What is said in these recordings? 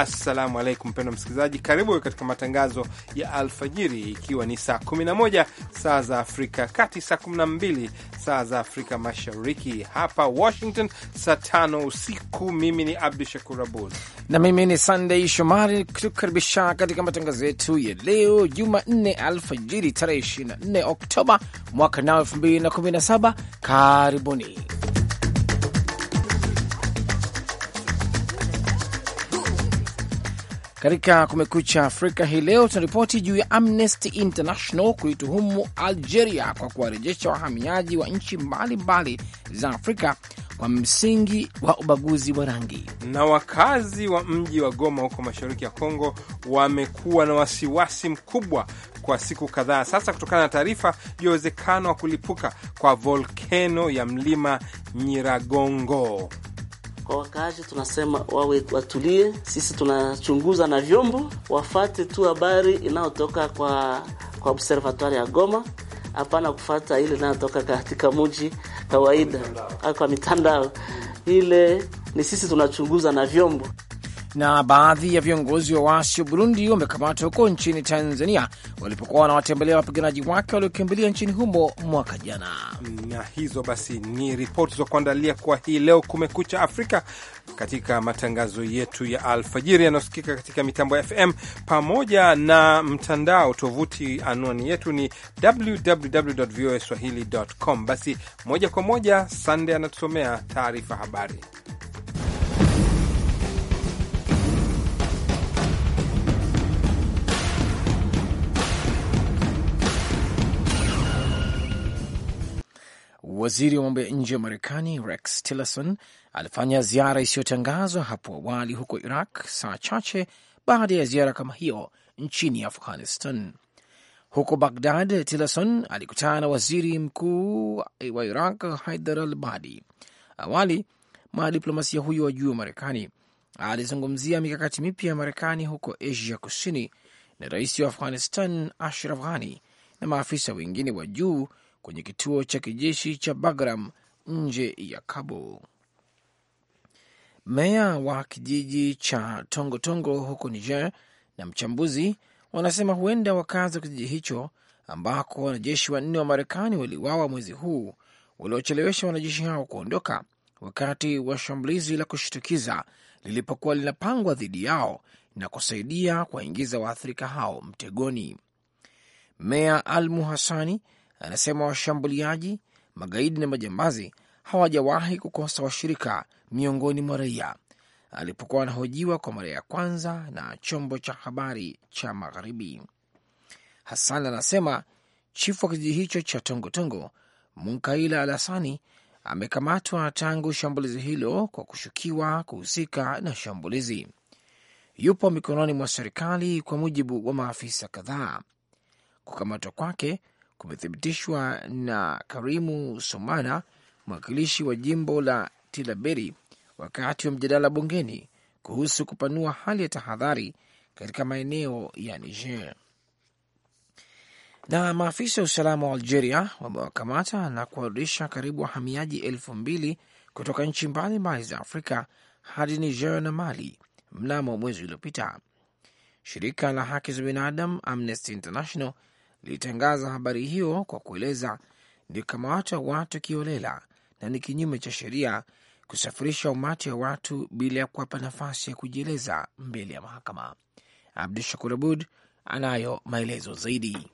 Assalamu alaikum mpendwa msikilizaji, karibu katika matangazo ya alfajiri, ikiwa ni saa 11 saa za Afrika kati, saa 12 saa za Afrika Mashariki, hapa Washington saa tano usiku. Mimi ni Abdu Shakur Abud na mimi ni Sandei Shomari, tukukaribisha katika matangazo yetu ya leo Jumanne alfajiri tarehe 24 Oktoba mwaka nao 2017. Karibuni. Katika Kumekucha Afrika hii leo tunaripoti juu ya Amnesty International kuituhumu Algeria kwa kuwarejesha wahamiaji wa nchi mbalimbali za Afrika kwa msingi wa ubaguzi wa rangi. Na wakazi wa mji wa Goma huko mashariki ya Kongo wamekuwa na wasiwasi mkubwa kwa siku kadhaa sasa kutokana na taarifa ya uwezekano wa kulipuka kwa volkeno ya mlima Nyiragongo. Kwa wakaaji tunasema wawe watulie, sisi tunachunguza na vyombo, wafate tu habari inayotoka kwa, kwa observatoire ya Goma, hapana kufata ile inayotoka katika mji kawaida au kwa mitandao. Ile ni sisi tunachunguza na vyombo na baadhi ya viongozi wa waasi wa Burundi wamekamatwa huko nchini Tanzania walipokuwa wanawatembelea wapiganaji wake waliokimbilia nchini humo mwaka jana. Na hizo basi ni ripoti za kuandalia kwa hii leo Kumekucha Afrika katika matangazo yetu ya alfajiri yanayosikika katika mitambo ya FM pamoja na mtandao tovuti. Anwani yetu ni www voa swahili com. Basi moja kwa moja, Sande anatusomea taarifa habari. Waziri wa mambo ya nje wa Marekani Rex Tillerson alifanya ziara isiyotangazwa hapo awali huko Iraq saa chache baada ya ziara kama hiyo nchini Afghanistan. Huko Bagdad, Tillerson alikutana na waziri mkuu wa Iraq Haidar al Badi. Awali madiplomasia huyo wa juu wa Marekani alizungumzia mikakati mipya ya Marekani huko Asia Kusini na rais wa Afghanistan Ashraf Ghani na maafisa wengine wa juu kwenye kituo cha kijeshi cha Bagram nje ya Kabul. Meya wa kijiji cha Tongotongo huko Niger na mchambuzi wanasema huenda wakazi wa kijiji hicho ambako wanajeshi wanne wa Marekani waliwawa mwezi huu waliochelewesha wanajeshi hao kuondoka wakati wa shambulizi la kushtukiza lilipokuwa linapangwa dhidi yao na kusaidia kuwaingiza waathirika hao mtegoni. Meya Almu Hasani Anasema washambuliaji, magaidi na majambazi hawajawahi kukosa washirika miongoni mwa raia. Alipokuwa anahojiwa kwa mara ya kwanza na chombo cha habari cha Magharibi, Hassan anasema chifu wa kijiji hicho cha Tongotongo, Munkaila Alasani, amekamatwa tangu shambulizi hilo kwa kushukiwa kuhusika na shambulizi. Yupo mikononi mwa serikali, kwa mujibu wa maafisa kadhaa. Kukamatwa kwake kumethibitishwa na Karimu Somana, mwakilishi wa jimbo la Tilaberi, wakati wa mjadala bungeni kuhusu kupanua hali ya tahadhari katika maeneo ya Niger. Na maafisa wa usalama wa Algeria wamewakamata na kuwarudisha karibu wahamiaji elfu mbili kutoka nchi mbalimbali za Afrika hadi Niger na Mali mnamo mwezi uliopita. Shirika la haki za binadamu Amnesty International lilitangaza habari hiyo kwa kueleza ni kukamata watu kiolela na ni kinyume cha sheria kusafirisha umati wa watu bila ya kuwapa nafasi ya kujieleza mbele ya mahakama. Abdu Shakur Abud anayo maelezo zaidi.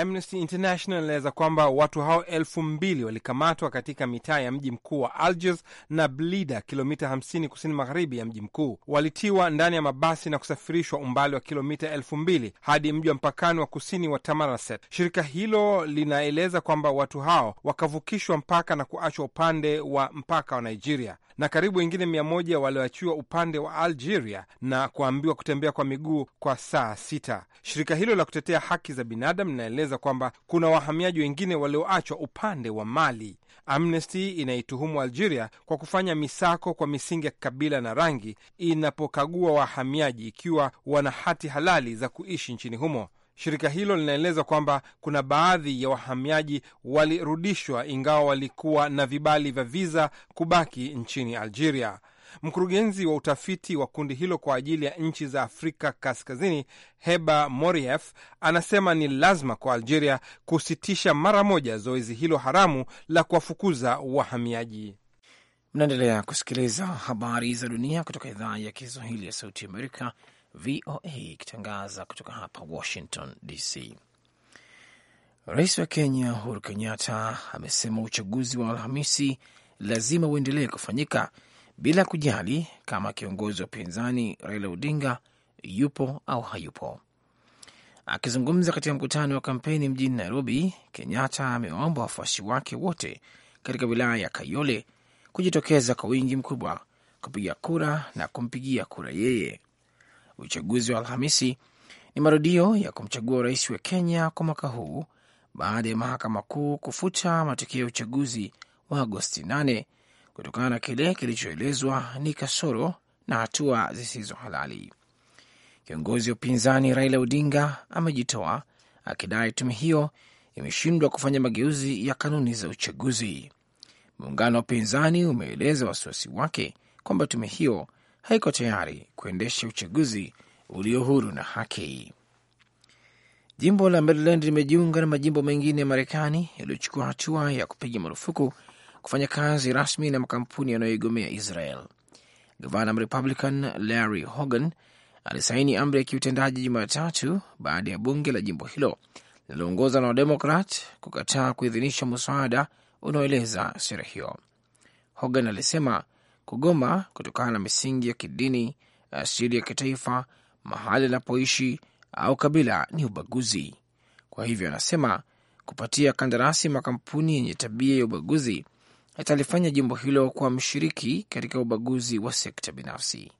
Amnesty International inaeleza kwamba watu hao elfu mbili walikamatwa katika mitaa ya mji mkuu wa Algiers na Blida, kilomita 50 kusini magharibi ya mji mkuu. Walitiwa ndani ya mabasi na kusafirishwa umbali wa kilomita elfu mbili hadi mji wa mpakani wa kusini wa Tamaraset. Shirika hilo linaeleza kwamba watu hao wakavukishwa mpaka na kuachwa upande wa mpaka wa Nigeria na karibu wengine mia moja walioachiwa upande wa Algeria na kuambiwa kutembea kwa miguu kwa saa sita. Shirika hilo la kutetea haki za binadamu linaeleza kueleza kwamba kuna wahamiaji wengine walioachwa upande wa Mali. Amnesty inaituhumu Algeria kwa kufanya misako kwa misingi ya kabila na rangi inapokagua wahamiaji ikiwa wana hati halali za kuishi nchini humo. Shirika hilo linaeleza kwamba kuna baadhi ya wahamiaji walirudishwa ingawa walikuwa na vibali vya viza kubaki nchini Algeria. Mkurugenzi wa utafiti wa kundi hilo kwa ajili ya nchi za Afrika Kaskazini, Heba Morief, anasema ni lazima kwa Algeria kusitisha mara moja zoezi hilo haramu la kuwafukuza wahamiaji. Mnaendelea kusikiliza habari za dunia kutoka idhaa ya Kiswahili ya Sauti Amerika, VOA, ikitangaza kutoka hapa Washington DC. Rais wa Kenya Uhuru Kenyatta amesema uchaguzi wa Alhamisi lazima uendelee kufanyika bila kujali kama kiongozi wa upinzani Raila Odinga yupo au hayupo. Akizungumza katika mkutano wa kampeni mjini Nairobi, Kenyatta amewaomba wafuasi wake wote katika wilaya ya Kayole kujitokeza kwa wingi mkubwa kupiga kura na kumpigia kura yeye. Uchaguzi wa Alhamisi ni marudio ya kumchagua rais wa Kenya kwa mwaka huu baada ya mahakama kuu kufuta matokeo ya uchaguzi wa Agosti kutokana na kile kilichoelezwa ni kasoro na hatua zisizo halali. Kiongozi wa upinzani Raila Odinga amejitoa akidai tume hiyo imeshindwa kufanya mageuzi ya kanuni za uchaguzi. Muungano wa upinzani umeeleza wasiwasi wake kwamba tume hiyo haiko tayari kuendesha uchaguzi ulio huru na haki. Jimbo la Maryland limejiunga na majimbo mengine ya Marekani yaliyochukua hatua ya kupiga marufuku kufanya kazi rasmi na makampuni yanayoigomea Israel. Gavana Mrepublican Larry Hogan alisaini amri ya kiutendaji Jumatatu baada ya bunge la jimbo hilo linaloongozwa na Wademokrat kukataa kuidhinisha mswada unaoeleza sera hiyo. Hogan alisema kugoma kutokana na misingi ya kidini, asili ya kitaifa, mahali anapoishi au kabila ni ubaguzi. Kwa hivyo, anasema kupatia kandarasi makampuni yenye tabia ya ubaguzi atalifanya jimbo hilo kwa mshiriki katika ubaguzi wa sekta binafsi.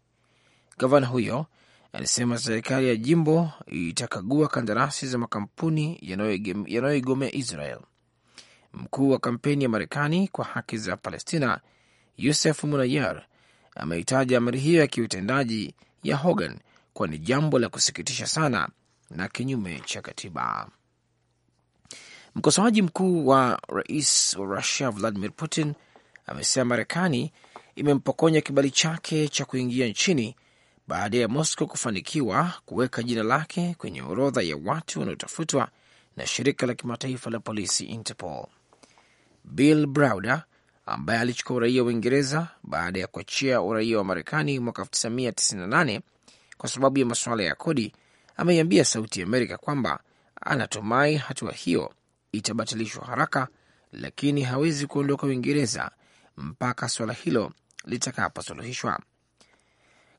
Gavana huyo alisema serikali ya jimbo itakagua kandarasi za makampuni yanayoigomea Israel. Mkuu wa kampeni ya Marekani kwa haki za Palestina Yusef Munayar ameitaja amri hiyo ya kiutendaji ya Hogan kuwa ni jambo la kusikitisha sana na kinyume cha katiba. Mkosoaji mkuu wa rais wa Russia Vladimir Putin amesema Marekani imempokonya kibali chake cha kuingia nchini baada ya Moscow kufanikiwa kuweka jina lake kwenye orodha ya watu wanaotafutwa na shirika la kimataifa la polisi Interpol. Bill Browder ambaye alichukua uraia wa Uingereza baada ya kuachia uraia wa Marekani mwaka 1998 kwa sababu ya masuala ya kodi, ameiambia Sauti ya Amerika kwamba anatumai hatua hiyo itabatilishwa haraka, lakini hawezi kuondoka Uingereza mpaka suala hilo litakaposuluhishwa.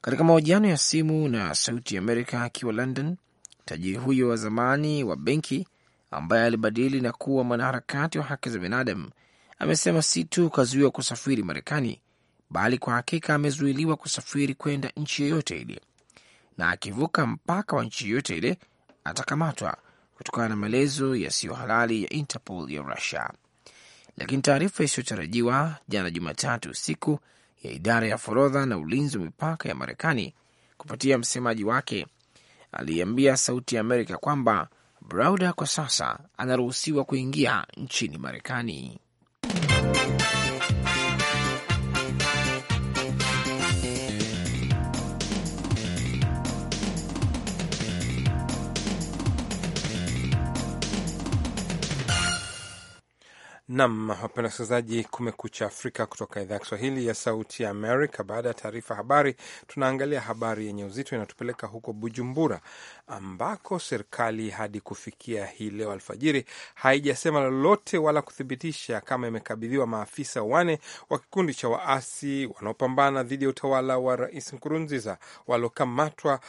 Katika mahojiano ya simu na Sauti Amerika akiwa London, tajiri huyo wa zamani wa benki ambaye alibadili na kuwa mwanaharakati wa haki za binadamu amesema si tu kazuiwa kusafiri Marekani, bali kwa hakika amezuiliwa kusafiri kwenda nchi yoyote ile, na akivuka mpaka wa nchi yoyote ile atakamatwa kutokana na maelezo yasiyo halali ya Interpol ya Russia. Lakini taarifa isiyotarajiwa jana Jumatatu usiku ya idara ya forodha na ulinzi wa mipaka ya Marekani kupitia msemaji wake aliambia Sauti ya Amerika kwamba Browder kwa sasa anaruhusiwa kuingia nchini Marekani. Nam, wapenda wasikilizaji, Kumekucha Afrika kutoka idhaa ya Kiswahili ya Sauti ya Amerika. Baada ya taarifa habari, tunaangalia habari yenye uzito, inatupeleka huko Bujumbura ambako serikali hadi kufikia hii leo alfajiri haijasema lolote wala kuthibitisha kama imekabidhiwa maafisa wane wa kikundi cha waasi wanaopambana dhidi ya utawala wa Rais Nkurunziza waliokamatwa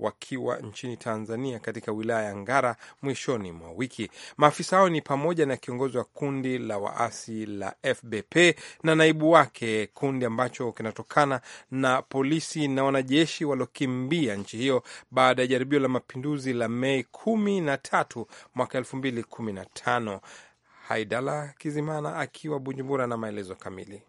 wakiwa nchini Tanzania katika wilaya ya Ngara mwishoni mwa wiki. Maafisa hao ni pamoja na kiongozi wa kundi la waasi la FBP na naibu wake, kundi ambacho kinatokana na polisi na wanajeshi waliokimbia nchi hiyo baada ya jaribio la mapinduzi la Mei kumi na tatu mwaka elfu mbili kumi na tano. Haidala Kizimana akiwa Bujumbura na maelezo kamili.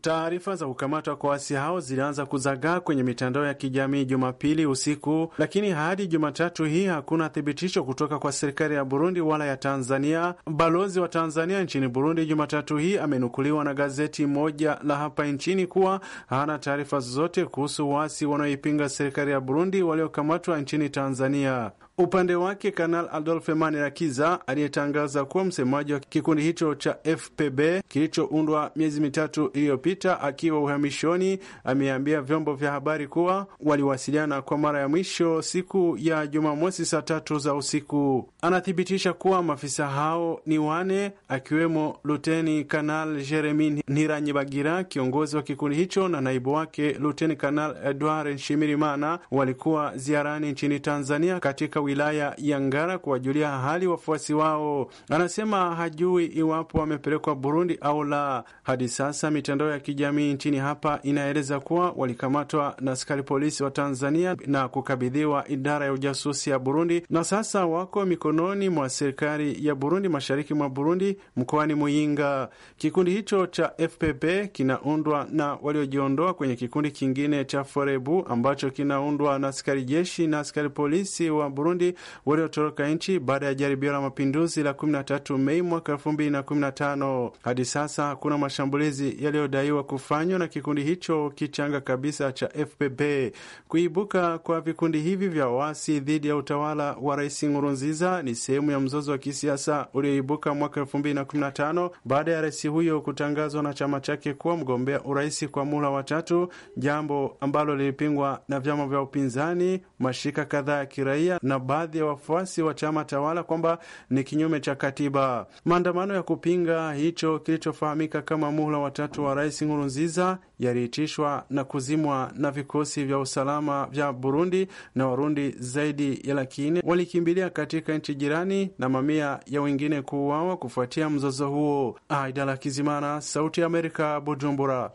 Taarifa za kukamatwa kwa waasi hao zilianza kuzagaa kwenye mitandao ya kijamii Jumapili usiku, lakini hadi Jumatatu hii hakuna thibitisho kutoka kwa serikali ya Burundi wala ya Tanzania. Balozi wa Tanzania nchini Burundi Jumatatu hii amenukuliwa na gazeti moja la hapa nchini kuwa hana taarifa zozote kuhusu waasi wanaoipinga serikali ya Burundi waliokamatwa nchini Tanzania. Upande wake Kanal Adolphe Manirakiza aliyetangaza kuwa msemaji wa kikundi hicho cha FPB kilichoundwa miezi mitatu iliyopita akiwa uhamishoni, ameambia vyombo vya habari kuwa waliwasiliana kwa mara ya mwisho siku ya Jumamosi saa tatu za usiku. Anathibitisha kuwa maafisa hao ni wane, akiwemo Luteni Kanal Jeremi Niranyibagira, kiongozi wa kikundi hicho, na naibu wake Luteni Kanal Edward Nshimirimana walikuwa ziarani nchini Tanzania katika wilaya ya Ngara kuwajulia hali wafuasi wao. Anasema hajui iwapo wamepelekwa Burundi au la. Hadi sasa mitandao ya kijamii nchini hapa inaeleza kuwa walikamatwa na askari polisi wa Tanzania na kukabidhiwa idara ya ujasusi ya Burundi, na sasa wako mikononi mwa serikali ya Burundi, mashariki mwa Burundi, mkoani Muyinga. Kikundi hicho cha FPP kinaundwa na waliojiondoa kwenye kikundi kingine cha Forebu ambacho kinaundwa na askari jeshi na askari polisi wa Burundi Burundi waliotoroka nchi baada ya jaribio la mapinduzi la 13 Mei mwaka 2015. Hadi sasa hakuna mashambulizi yaliyodaiwa kufanywa na kikundi hicho kichanga kabisa cha FPP. Kuibuka kwa vikundi hivi vya waasi dhidi ya utawala wa Rais Nkurunziza ni sehemu ya mzozo wa kisiasa ulioibuka mwaka 2015 baada ya rais huyo kutangazwa na chama chake kuwa mgombea urais kwa muhula wa tatu, jambo ambalo lilipingwa na vyama vya upinzani mashirika kadhaa ya kiraia na baadhi ya wafuasi wa chama tawala kwamba ni kinyume cha katiba. Maandamano ya kupinga hicho kilichofahamika kama muhula watatu wa Rais Nkurunziza yaliitishwa na kuzimwa na vikosi vya usalama vya Burundi, na Warundi zaidi ya laki nne walikimbilia katika nchi jirani na mamia ya wengine kuuawa kufuatia mzozo huo. Aidala Kizimana, Sauti ya Amerika, Bujumbura.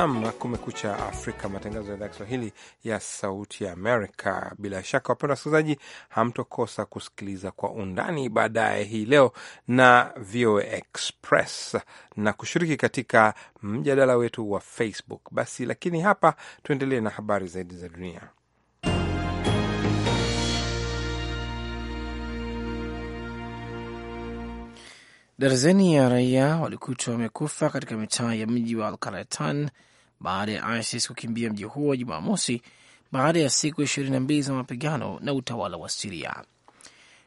Nam Kumekucha Afrika, matangazo ya idhaa Kiswahili ya Sauti ya Amerika. Bila shaka, wapenda wasikilizaji, hamtokosa kusikiliza kwa undani baadaye hii leo na VOA Express na kushiriki katika mjadala wetu wa Facebook. Basi lakini hapa tuendelee na habari zaidi za dunia. Darzeni ya raia walikutwa wamekufa katika mitaa ya mji wa Alkaratan baada ya ISIS kukimbia mji huo Jumamosi baada ya siku ishirini na mbili za mapigano na utawala wa Siria.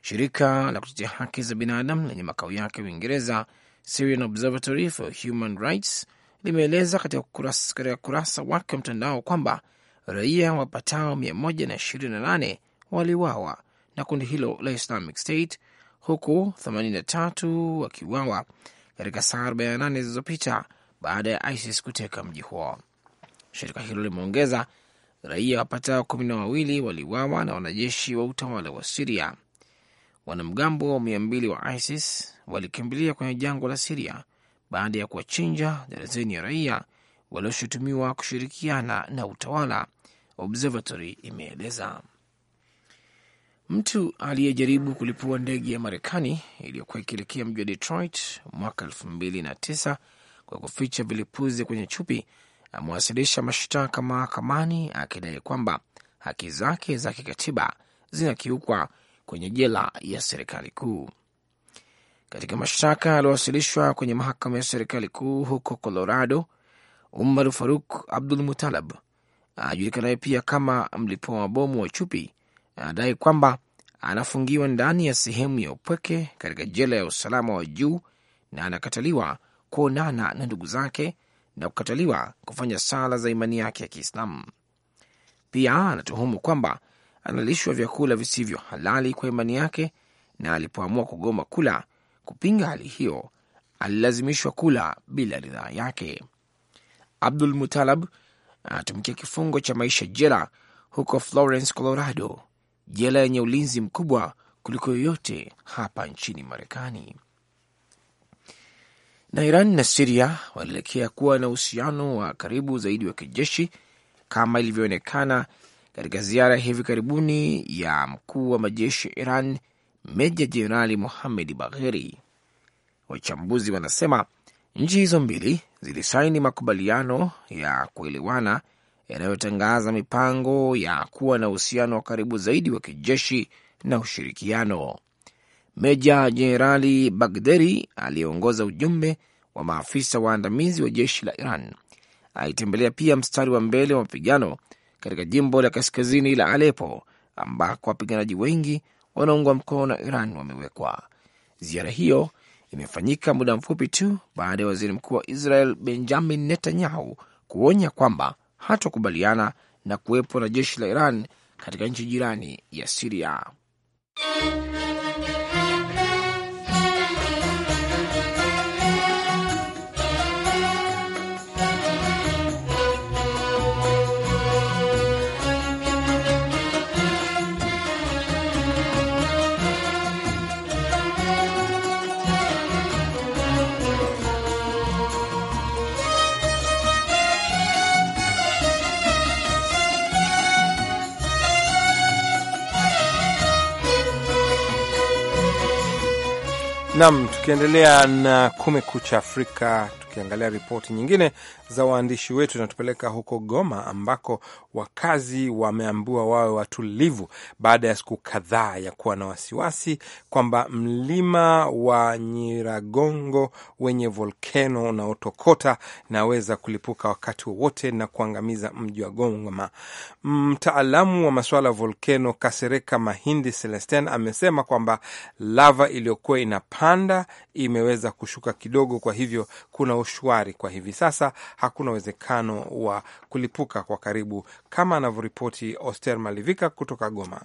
Shirika la kutetea haki za binadamu lenye makao yake Uingereza, Syrian Observatory for Human Rights, limeeleza katika kurasa, kurasa wake wa mtandao kwamba raia wapatao 128 waliwawa na kundi hilo la Islamic State, huku 83 wakiwawa katika saa 48 zilizopita baada ya ISIS kuteka mji huo. Shirika hilo limeongeza, raia wapatao kumi na wawili waliuawa na wanajeshi wa utawala wa Siria. Wanamgambo wa mia mbili wa ISIS walikimbilia kwenye jangwa la Siria baada ya kuwachinja darazeni ya raia walioshutumiwa kushirikiana na utawala, Observatory imeeleza. Mtu aliyejaribu kulipua ndege ya Marekani iliyokuwa ikielekea mji wa Detroit mwaka elfu mbili na tisa kwa kuficha vilipuzi kwenye chupi amewasilisha mashtaka mahakamani akidai kwamba haki zake za kikatiba zinakiukwa kwenye jela ya serikali kuu. Katika mashtaka yaliyowasilishwa kwenye mahakama ya serikali kuu huko Colorado, Umar Faruk Abdul Mutalab ajulikanaye pia kama mlipoa wa bomu wa chupi anadai kwamba anafungiwa ndani ya sehemu ya upweke katika jela ya usalama wa juu na anakataliwa kuonana na ndugu zake na kukataliwa kufanya sala za imani yake ya Kiislamu. Pia anatuhumu kwamba analishwa vyakula visivyo halali kwa imani yake, na alipoamua kugoma kula kupinga hali hiyo, alilazimishwa kula bila ridhaa yake. Abdul Mutalab anatumikia kifungo cha maisha jela huko Florence, Colorado, jela yenye ulinzi mkubwa kuliko yoyote hapa nchini Marekani. Na Iran na Siria wanaelekea kuwa na uhusiano wa karibu zaidi wa kijeshi kama ilivyoonekana katika ziara hivi karibuni ya mkuu wa majeshi ya Iran Meja Jenerali Mohamed Bagheri. Wachambuzi wanasema nchi hizo mbili zilisaini makubaliano ya kuelewana yanayotangaza mipango ya kuwa na uhusiano wa karibu zaidi wa kijeshi na ushirikiano. Meja Jenerali Bagderi aliyeongoza ujumbe wa maafisa waandamizi wa jeshi la Iran alitembelea pia mstari wa mbele wa mapigano katika jimbo la kaskazini la Alepo ambako wapiganaji wengi wanaungwa mkono na Iran wamewekwa. Ziara hiyo imefanyika muda mfupi tu baada ya waziri mkuu wa Israel Benjamin Netanyahu kuonya kwamba hatokubaliana na kuwepo na jeshi la Iran katika nchi jirani ya Siria. Nam, tukiendelea na Kumekucha Afrika, tukiangalia ripoti nyingine za waandishi wetu inatupeleka huko Goma ambako wakazi wameambiwa wawe watulivu baada ya siku kadhaa ya kuwa na wasiwasi kwamba mlima wa Nyiragongo wenye volkeno unaotokota naweza kulipuka wakati wowote na kuangamiza mji wa Goma. Mtaalamu wa masuala ya volkeno Kasereka Mahindi Celestin amesema kwamba lava iliyokuwa inapanda imeweza kushuka kidogo, kwa hivyo kuna ushwari kwa hivi sasa hakuna uwezekano wa kulipuka kwa karibu, kama anavyoripoti Oster Malivika kutoka Goma.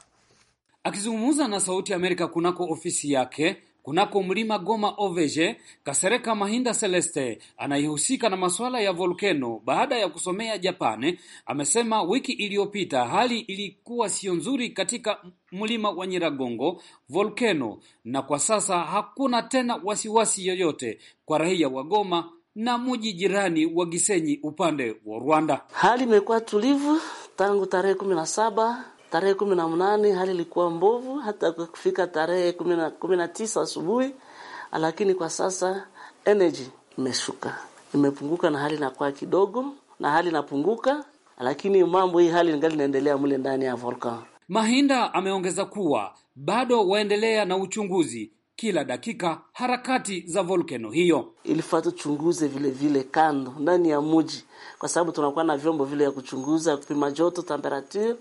Akizungumza na Sauti ya Amerika kunako ofisi yake kunako mlima Goma Ovege, Kasereka Mahinda Celeste anayehusika na masuala ya volkeno baada ya kusomea Japani amesema wiki iliyopita hali ilikuwa sio nzuri katika mlima wa Nyiragongo volkeno, na kwa sasa hakuna tena wasiwasi yoyote kwa raia wa Goma na mji jirani wa Gisenyi upande wa Rwanda. Hali imekuwa tulivu tangu tarehe kumi na saba tarehe kumi na mnane hali ilikuwa mbovu hata kufika tarehe kumi na tisa asubuhi, lakini kwa sasa energy imeshuka, imepunguka na hali inakuwa kidogo na hali inapunguka, lakini mambo hii hali ningali inaendelea mle ndani ya volcano. Mahinda ameongeza kuwa bado waendelea na uchunguzi kila dakika harakati za volkeno hiyo. Ilifaa tuchunguze vile vile kando ndani ya mji, kwa sababu tunakuwa na vyombo vile ya kuchunguza kupima joto temperature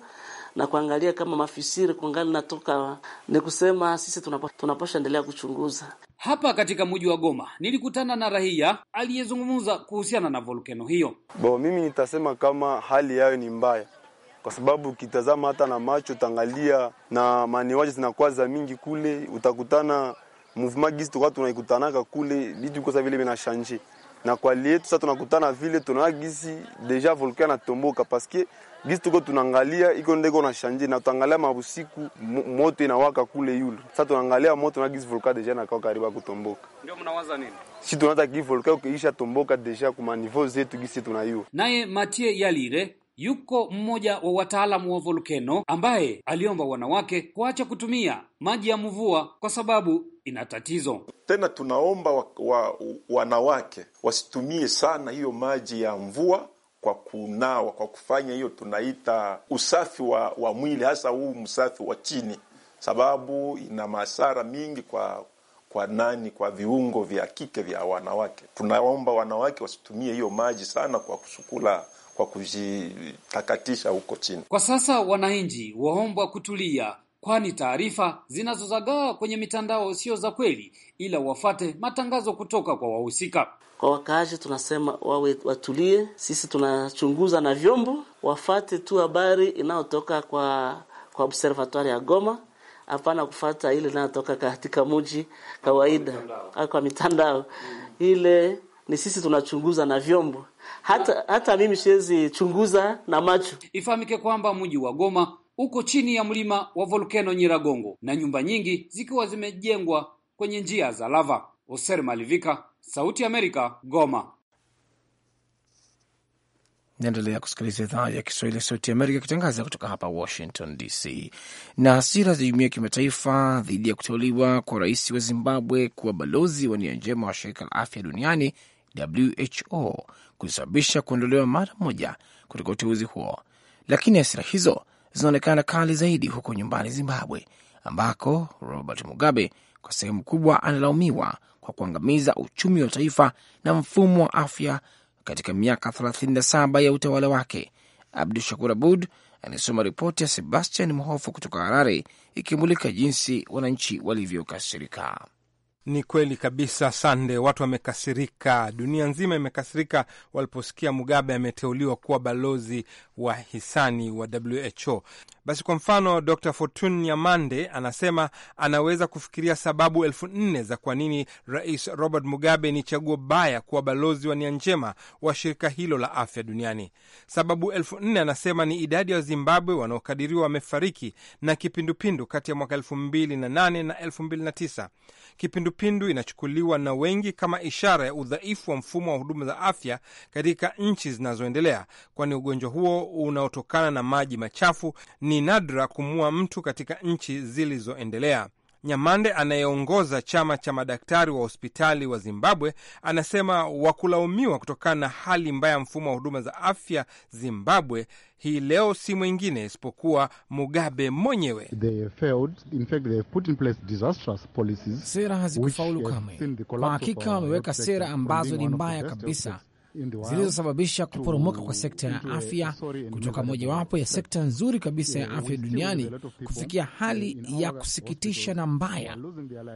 na kuangalia kama mafisiri kungali natoka. Ni kusema sisi tunapasha endelea kuchunguza. Hapa katika mji wa Goma nilikutana na rahia aliyezungumza kuhusiana na volkeno hiyo. Bo, mimi nitasema kama hali yayo ni mbaya kwa sababu ukitazama hata na macho utaangalia na maniwaji zinakuwa za mingi kule, utakutana mouvement gisi tuka tunaikutanaka kule bitu kosa vile binashanje na kwa lietu sasa tunakutana vile tunaona gisi deja volcan natomboka paske gisi tuko tunaangalia iko ndeko na shanje na tuangalia mabusiku moto inawaka kule yule. Sasa tunaangalia moto na gisi volcan deja nakao karibu kutomboka. Ndio mnawaza nini? Si tunataka gisi volcan ukiisha tomboka deja kuma niveau zetu gisi tunayua. Naye Mathieu Yalire Yuko mmoja wa wataalamu wa volkeno ambaye aliomba wanawake kuacha kutumia maji ya mvua kwa sababu ina tatizo. Tena tunaomba wa, wa, wanawake wasitumie sana hiyo maji ya mvua kwa kunawa, kwa kufanya hiyo tunaita usafi wa, wa mwili, hasa huu msafi wa chini, sababu ina masara mingi kwa kwa nani, kwa viungo vya kike vya wanawake. Tunaomba wanawake wasitumie hiyo maji sana kwa kusukula kwa kuzitakatisha huko chini. Kwa sasa wananchi waombwa kutulia, kwani taarifa zinazozagaa kwenye mitandao sio za kweli, ila wafate matangazo kutoka kwa wahusika. Kwa wakaaji tunasema wawe watulie, sisi tunachunguza na vyombo, wafate tu habari inayotoka kwa kwa observatoire ya Goma, hapana kufata ile inayotoka katika muji kawaida kwa mitandao ile ni sisi tunachunguza na vyombo, hata hata mimi siwezi chunguza na macho. Ifahamike kwamba mji wa Goma uko chini ya mlima wa volkeno Nyiragongo na nyumba nyingi zikiwa zimejengwa kwenye njia za lava. Oser Malivika, Sauti Amerika, Goma. Naendelea kusikiliza idhaa ya Kiswahili ya Sauti Amerika ikitangaza kutoka hapa Washington DC. Na hasira za jumuia ya kimataifa dhidi ya kuteuliwa kwa rais wa Zimbabwe kuwa balozi wa nia njema wa shirika la afya duniani WHO kulisababisha kuondolewa mara moja kutoka uteuzi huo, lakini hasira hizo zinaonekana kali zaidi huko nyumbani Zimbabwe, ambako Robert Mugabe kwa sehemu kubwa analaumiwa kwa kuangamiza uchumi wa taifa na mfumo wa afya katika miaka 37 ya utawala wake. Abdu Shakur Abud anasoma ripoti ya Sebastian Mhofu kutoka Harare ikimulika jinsi wananchi walivyokasirika. Ni kweli kabisa, Sande. Watu wamekasirika, dunia nzima imekasirika waliposikia Mugabe ameteuliwa kuwa balozi wa hisani wa WHO. Basi kwa mfano, Dr Fortun Nyamande anasema anaweza kufikiria sababu elfu nne za kwa nini Rais Robert Mugabe ni chaguo baya kuwa balozi wa nia njema wa shirika hilo la afya duniani. Sababu elfu nne anasema ni idadi ya wa Wazimbabwe wanaokadiriwa wamefariki na kipindupindu kati ya mwaka elfu mbili na nane na elfu mbili na tisa kipindupindu inachukuliwa na wengi kama ishara ya udhaifu wa mfumo wa huduma za afya katika nchi zinazoendelea, kwani ugonjwa huo unaotokana na maji machafu ni nadra kumua mtu katika nchi zilizoendelea. Nyamande anayeongoza chama cha madaktari wa hospitali wa Zimbabwe anasema wakulaumiwa kutokana na hali mbaya ya mfumo wa huduma za afya Zimbabwe hii leo si mwingine isipokuwa Mugabe mwenyewe. Sera hazikufaulu uh, kamwe. Kwa hakika uh, wameweka sera ambazo ni mbaya kabisa zilizosababisha kuporomoka kwa sekta ya afya oh, kutoka mojawapo ya sekta nzuri kabisa ya afya duniani kufikia hali ya kusikitisha na mbaya.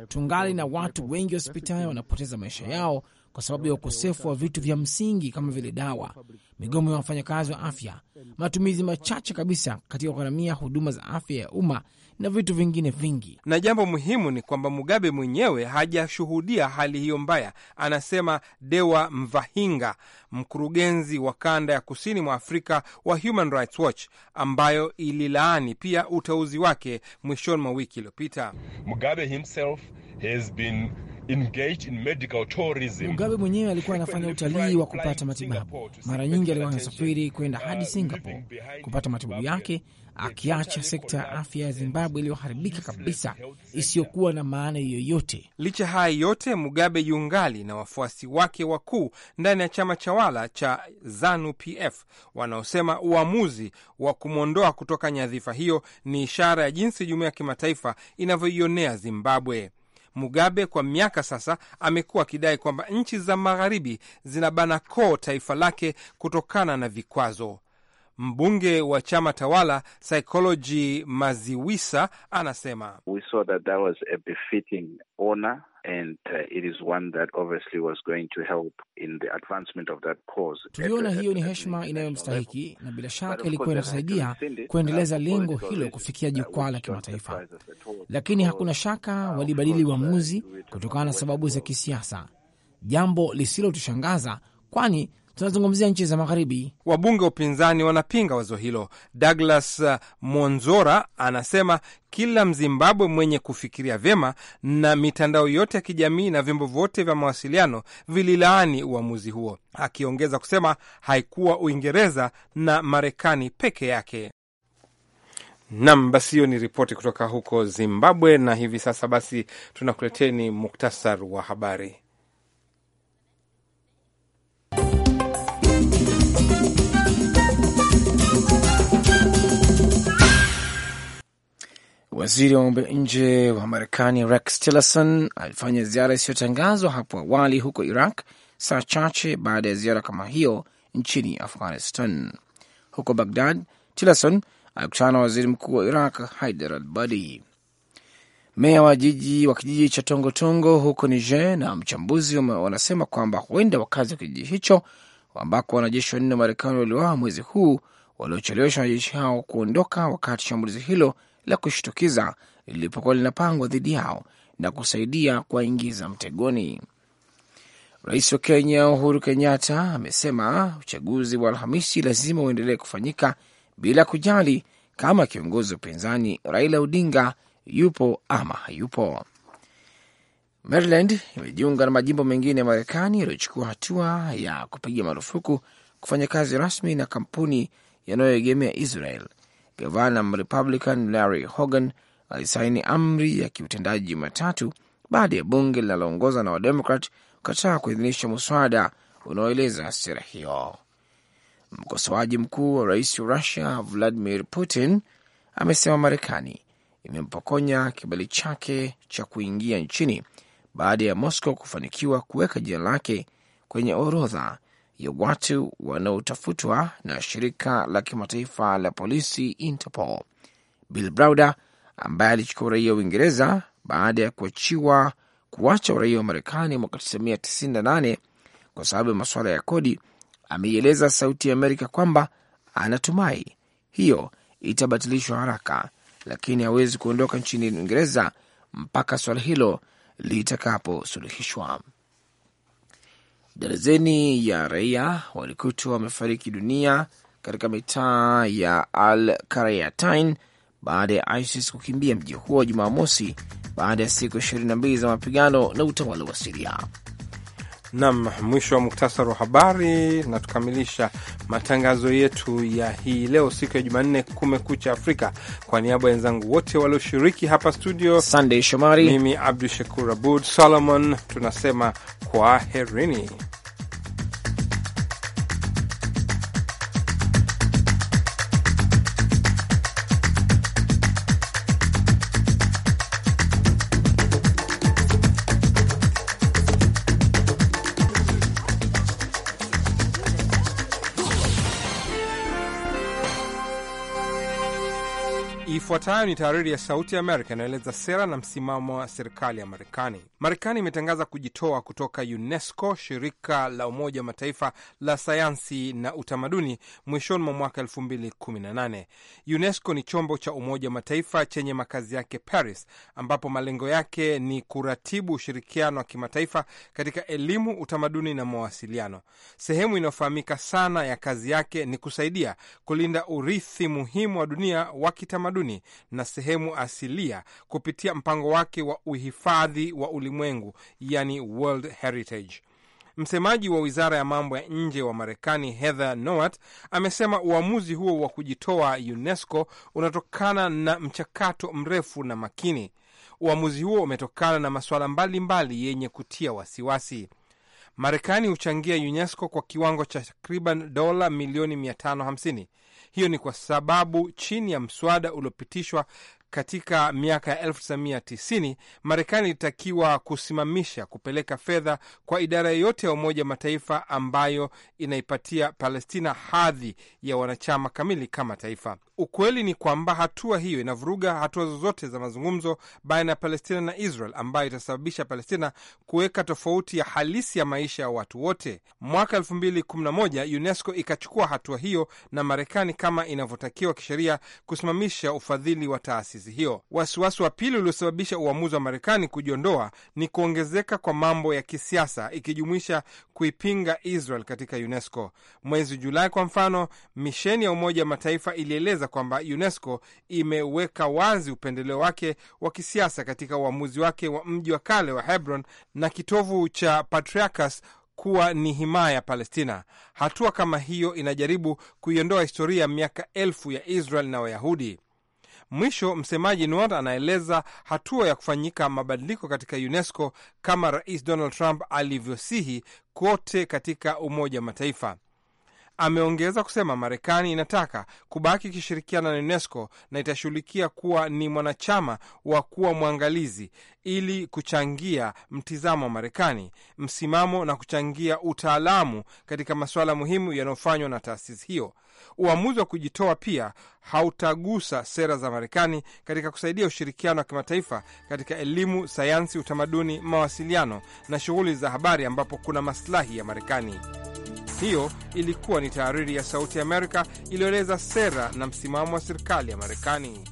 Tungali na watu wengi hospitali wanapoteza maisha yao kwa sababu ya ukosefu wa vitu vya msingi kama vile dawa, migomo ya wafanyakazi wa afya, matumizi machache kabisa katika kugharamia huduma za afya ya umma na vitu vingine vingi. Na jambo muhimu ni kwamba Mugabe mwenyewe hajashuhudia hali hiyo mbaya, anasema Dewa Mvahinga, mkurugenzi wa kanda ya kusini mwa Afrika wa Human Rights Watch, ambayo ililaani pia uteuzi wake mwishoni mwa wiki iliyopita. Mugabe himself has been engaged in medical tourism. Mugabe mwenyewe alikuwa anafanya utalii wa kupata matibabu. Mara nyingi alikuwa anasafiri kwenda hadi Singapore kupata matibabu yake, akiacha sekta ya afya ya Zimbabwe iliyoharibika kabisa isiyokuwa na maana yoyote. Licha haya yote, Mugabe yungali na wafuasi wake wakuu ndani ya chama chawala cha Zanu PF wanaosema uamuzi wa kumwondoa kutoka nyadhifa hiyo ni ishara ya jinsi jumuiya ya kimataifa inavyoionea Zimbabwe. Mugabe kwa miaka sasa amekuwa akidai kwamba nchi za magharibi zinabana koo taifa lake kutokana na vikwazo. Mbunge wa chama tawala Psychology Maziwisa anasema tuliona hiyo ni heshima inayomstahiki na bila shaka ilikuwa inatusaidia kuendeleza lengo hilo kufikia jukwaa la kimataifa, lakini hakuna shaka walibadili uh, uamuzi kutokana na sababu za kisiasa, jambo lisilotushangaza kwani tunazungumzia nchi za magharibi. Wabunge wa upinzani wanapinga wazo hilo. Douglas uh, Monzora anasema kila Mzimbabwe mwenye kufikiria vyema na mitandao yote ya kijamii na vyombo vyote vya mawasiliano vililaani uamuzi huo, akiongeza kusema haikuwa Uingereza na Marekani peke yake. Nam, basi hiyo ni ripoti kutoka huko Zimbabwe. Na hivi sasa basi tunakuleteni muktasar wa habari. Waziri wa mambo ya nje wa Marekani Rex Tillerson alifanya ziara isiyotangazwa hapo awali huko Iraq saa chache baada ya ziara kama hiyo nchini Afghanistan. Huko Bagdad, Tillerson alikutana na waziri mkuu wa Iraq Haider al badi Meya wa jiji wa kijiji cha Tongotongo huko Niger na mchambuzi wanasema kwamba huenda wakazi wa kijiji hicho ambako wanajeshi wanne wa Marekani waliwaa mwezi huu waliochelewesha wanajeshi hao kuondoka wakati shambulizi hilo la kushtukiza lilipokuwa linapangwa dhidi yao na kusaidia kuwaingiza mtegoni. Rais wa Kenya Uhuru Kenyatta amesema uchaguzi wa Alhamisi lazima uendelee kufanyika bila kujali kama kiongozi wa upinzani Raila Odinga yupo ama hayupo. Maryland imejiunga na majimbo mengine ya Marekani yaliyochukua hatua ya kupiga marufuku kufanya kazi rasmi na kampuni yanayoegemea Israel gavana Mrepublican Larry Hogan alisaini amri ya kiutendaji Jumatatu baada ya bunge linaloongoza na Wademokrat kukataa kuidhinisha muswada unaoeleza sera hiyo. Mkosoaji mkuu wa rais wa Russia Vladimir Putin amesema Marekani imempokonya kibali chake cha kuingia nchini baada ya Moscow kufanikiwa kuweka jina lake kwenye orodha ya watu wanaotafutwa na shirika la kimataifa la polisi Interpol. Bill Browder ambaye alichukua uraia wa Uingereza baada ya kuachiwa kuacha uraia wa Marekani mwaka 1998 kwa sababu ya masuala ya kodi, ameieleza Sauti ya Amerika kwamba anatumai hiyo itabatilishwa haraka, lakini hawezi kuondoka nchini Uingereza mpaka swala hilo litakaposuluhishwa. Darazeni ya raia walikutwa wamefariki dunia katika mitaa ya Al Karayatain baada ya ISIS kukimbia mji huo Jumamosi baada ya siku 22 za mapigano na utawala wa Siria. Nam, mwisho wa muktasari wa habari, na tukamilisha matangazo yetu ya hii leo, siku ya Jumanne, Kumekucha Afrika. Kwa niaba ya wenzangu wote walioshiriki hapa studio, Sandey Shomari, mimi Abdu Shakur Abud Solomon, tunasema kwaherini. Ifuatayo ni taariri ya Sauti ya Amerika inaeleza sera na msimamo wa serikali ya Marekani. Marekani imetangaza kujitoa kutoka UNESCO, shirika la Umoja wa Mataifa la sayansi na utamaduni, mwishoni mwa mwaka 2018. UNESCO ni chombo cha Umoja wa Mataifa chenye makazi yake Paris, ambapo malengo yake ni kuratibu ushirikiano wa kimataifa katika elimu, utamaduni na mawasiliano. Sehemu inayofahamika sana ya kazi yake ni kusaidia kulinda urithi muhimu wa dunia wa kitamaduni na sehemu asilia kupitia mpango wake wa uhifadhi wa ulimwengu, yani World Heritage. Msemaji wa wizara ya mambo ya nje wa Marekani Heather Nauert amesema uamuzi huo wa kujitoa UNESCO unatokana na mchakato mrefu na makini. Uamuzi huo umetokana na masuala mbalimbali yenye kutia wasiwasi. Marekani huchangia UNESCO kwa kiwango cha takriban dola milioni 550 hiyo ni kwa sababu chini ya mswada uliopitishwa katika miaka ya 1990 Marekani ilitakiwa kusimamisha kupeleka fedha kwa idara yoyote ya Umoja Mataifa ambayo inaipatia Palestina hadhi ya wanachama kamili kama taifa. Ukweli ni kwamba hatua hiyo inavuruga hatua zozote za mazungumzo baina ya Palestina na Israel ambayo itasababisha Palestina kuweka tofauti ya halisi ya maisha ya watu wote. Mwaka 2011 UNESCO ikachukua hatua hiyo na Marekani kama inavyotakiwa kisheria kusimamisha ufadhili wa taasisi taasisi hiyo. Wasiwasi wa pili uliosababisha uamuzi wa Marekani kujiondoa ni kuongezeka kwa mambo ya kisiasa, ikijumuisha kuipinga Israel katika UNESCO. Mwezi Julai, kwa mfano, misheni ya Umoja wa Mataifa ilieleza kwamba UNESCO imeweka wazi upendeleo wake wa kisiasa katika uamuzi wake wa mji wa kale wa Hebron na kitovu cha Patriarchus kuwa ni himaya ya Palestina. Hatua kama hiyo inajaribu kuiondoa historia ya miaka elfu ya Israel na Wayahudi. Mwisho, msemaji Nuant anaeleza hatua ya kufanyika mabadiliko katika UNESCO kama Rais Donald Trump alivyosihi kote katika Umoja wa Mataifa. Ameongeza kusema Marekani inataka kubaki ikishirikiana na UNESCO na itashughulikia kuwa ni mwanachama wa kuwa mwangalizi ili kuchangia mtizamo wa Marekani, msimamo na kuchangia utaalamu katika masuala muhimu yanayofanywa na taasisi hiyo. Uamuzi wa kujitoa pia hautagusa sera za Marekani katika kusaidia ushirikiano wa kimataifa katika elimu, sayansi, utamaduni, mawasiliano na shughuli za habari ambapo kuna maslahi ya Marekani. Hiyo ilikuwa ni tahariri ya Sauti ya Amerika iliyoeleza sera na msimamo wa serikali ya Marekani.